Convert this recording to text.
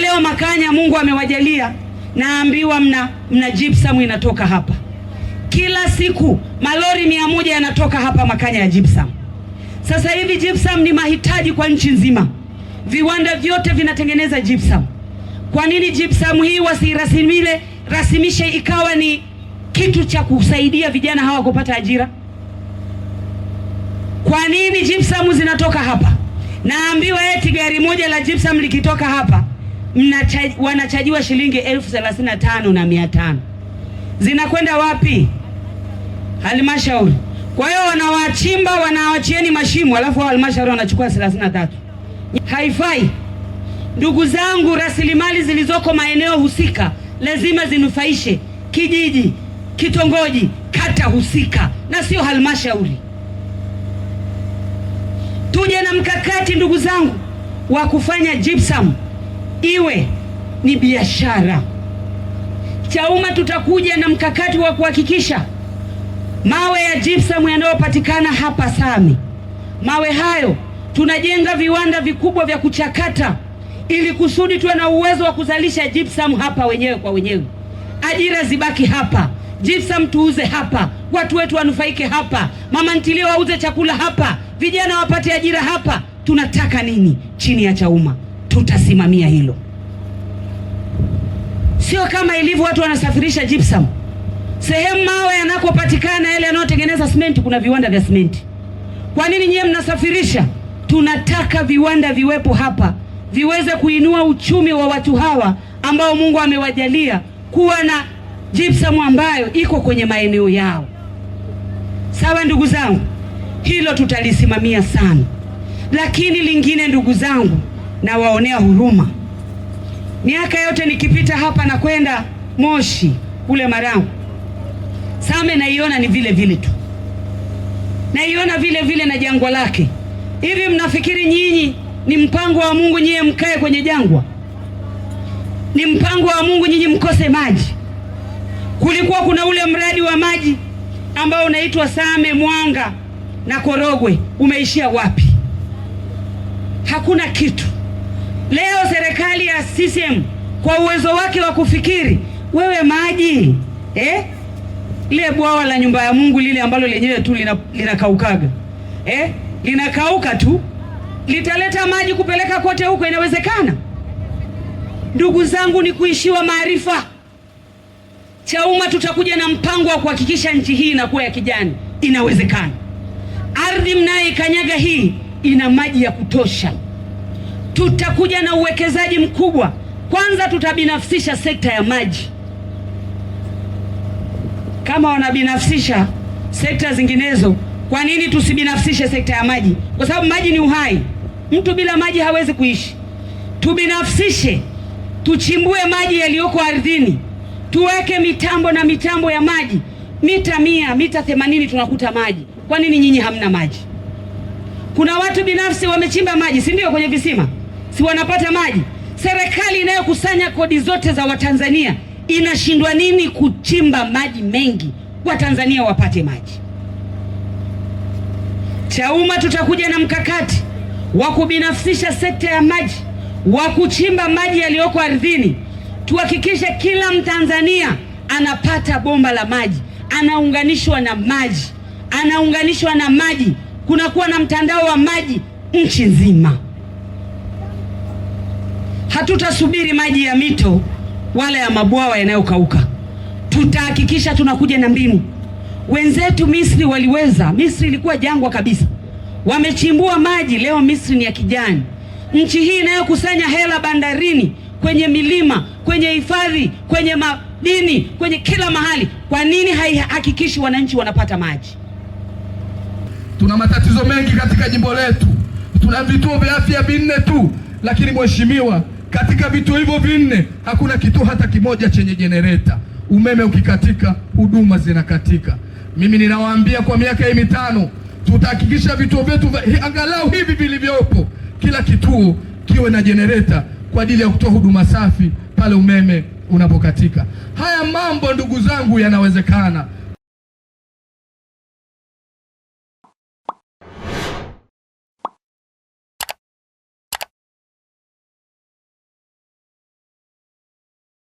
leo Makanya Mungu amewajalia, naambiwa mna, mna gypsum inatoka hapa kila siku, malori mia moja yanatoka hapa Makanya ya gypsum. Sasa hivi gypsum ni mahitaji kwa nchi nzima, viwanda vyote vinatengeneza gypsum. Kwa nini gypsum hii wasirasimile rasimishe ikawa ni kitu cha kusaidia vijana hawa kupata ajira? Kwa nini gypsum zinatoka hapa? Naambiwa eti gari moja la gypsum likitoka hapa mnachaji, wanachajiwa shilingi elfu thelathini na tano na mia tano zinakwenda wapi? Halmashauri. Kwa hiyo wanawachimba, wanawachieni mashimo, alafu halmashauri wanachukua tatu. Haifai ndugu zangu, rasilimali zilizoko maeneo husika lazima zinufaishe kijiji, kitongoji, kata husika na sio halmashauri. Tuje na mkakati ndugu zangu wa kufanya gypsum iwe ni biashara. chauma tutakuja na mkakati wa kuhakikisha mawe ya gypsum yanayopatikana hapa Same, mawe hayo tunajenga viwanda vikubwa vya kuchakata ili kusudi tuwe na uwezo wa kuzalisha gypsum hapa wenyewe kwa wenyewe, ajira zibaki hapa, gypsum tuuze hapa, watu wetu wanufaike hapa, mama ntilie wauze chakula hapa, vijana wapate ajira hapa. Tunataka nini chini ya chauma tutasimamia hilo. Sio kama ilivyo watu wanasafirisha gypsum sehemu, mawe yanakopatikana yale yanayotengeneza simenti, kuna viwanda vya simenti. Kwa nini nyiye mnasafirisha? Tunataka viwanda viwepo hapa viweze kuinua uchumi wa watu hawa ambao Mungu amewajalia kuwa na gypsum ambayo iko kwenye maeneo yao. Sawa ndugu zangu, hilo tutalisimamia sana, lakini lingine ndugu zangu na waonea huruma. Miaka yote nikipita hapa na kwenda Moshi kule Marangu, Same naiona ni vile vile tu, naiona vile vile na jangwa lake. Hivi mnafikiri nyinyi ni mpango wa Mungu nyiye mkae kwenye jangwa? Ni mpango wa Mungu nyinyi mkose maji? Kulikuwa kuna ule mradi wa maji ambao unaitwa Same Mwanga na Korogwe, umeishia wapi? Hakuna kitu serikali ya CCM kwa uwezo wake wa kufikiri, wewe maji eh? lile bwawa la nyumba ya Mungu lile ambalo lenyewe tu linakaukaga lina eh? linakauka tu litaleta maji kupeleka kote huko, inawezekana? Ndugu zangu, ni kuishiwa maarifa. CHAUMMA tutakuja na mpango wa kuhakikisha nchi hii inakuwa ya kijani, inawezekana. Ardhi mnayoikanyaga hii ina maji ya kutosha tutakuja na uwekezaji mkubwa. Kwanza tutabinafsisha sekta ya maji, kama wanabinafsisha sekta zinginezo, kwa nini tusibinafsishe sekta ya maji? Kwa sababu maji ni uhai, mtu bila maji hawezi kuishi. Tubinafsishe, tuchimbue maji yaliyoko ardhini, tuweke mitambo na mitambo ya maji mita mia, mita themanini, tunakuta maji. Kwa nini nyinyi hamna maji? Kuna watu binafsi wamechimba maji, si ndio, kwenye visima si wanapata maji? Serikali inayokusanya kodi zote za Watanzania inashindwa nini kuchimba maji mengi Watanzania wapate maji? Chauma tutakuja na mkakati wa kubinafsisha sekta ya maji, wa kuchimba maji yaliyoko ardhini, tuhakikishe kila Mtanzania anapata bomba la maji, anaunganishwa na maji, anaunganishwa na maji, kunakuwa na mtandao wa maji nchi nzima. Hatutasubiri maji ya mito wala ya mabwawa yanayokauka, tutahakikisha tunakuja na mbinu. Wenzetu Misri waliweza. Misri ilikuwa jangwa kabisa, wamechimbua maji, leo Misri ni ya kijani. Nchi hii inayokusanya hela bandarini, kwenye milima, kwenye hifadhi, kwenye madini, kwenye kila mahali, kwa nini haihakikishi wananchi wanapata maji? Tuna matatizo mengi katika jimbo letu, tuna vituo vya afya vinne tu, lakini mheshimiwa katika vituo hivyo vinne hakuna kituo hata kimoja chenye jenereta. Umeme ukikatika, huduma zinakatika. Mimi ninawaambia kwa miaka hii mitano tutahakikisha vituo vyetu angalau hivi vilivyopo, kila kituo kiwe na jenereta kwa ajili ya kutoa huduma safi pale umeme unapokatika. Haya mambo ndugu zangu, yanawezekana.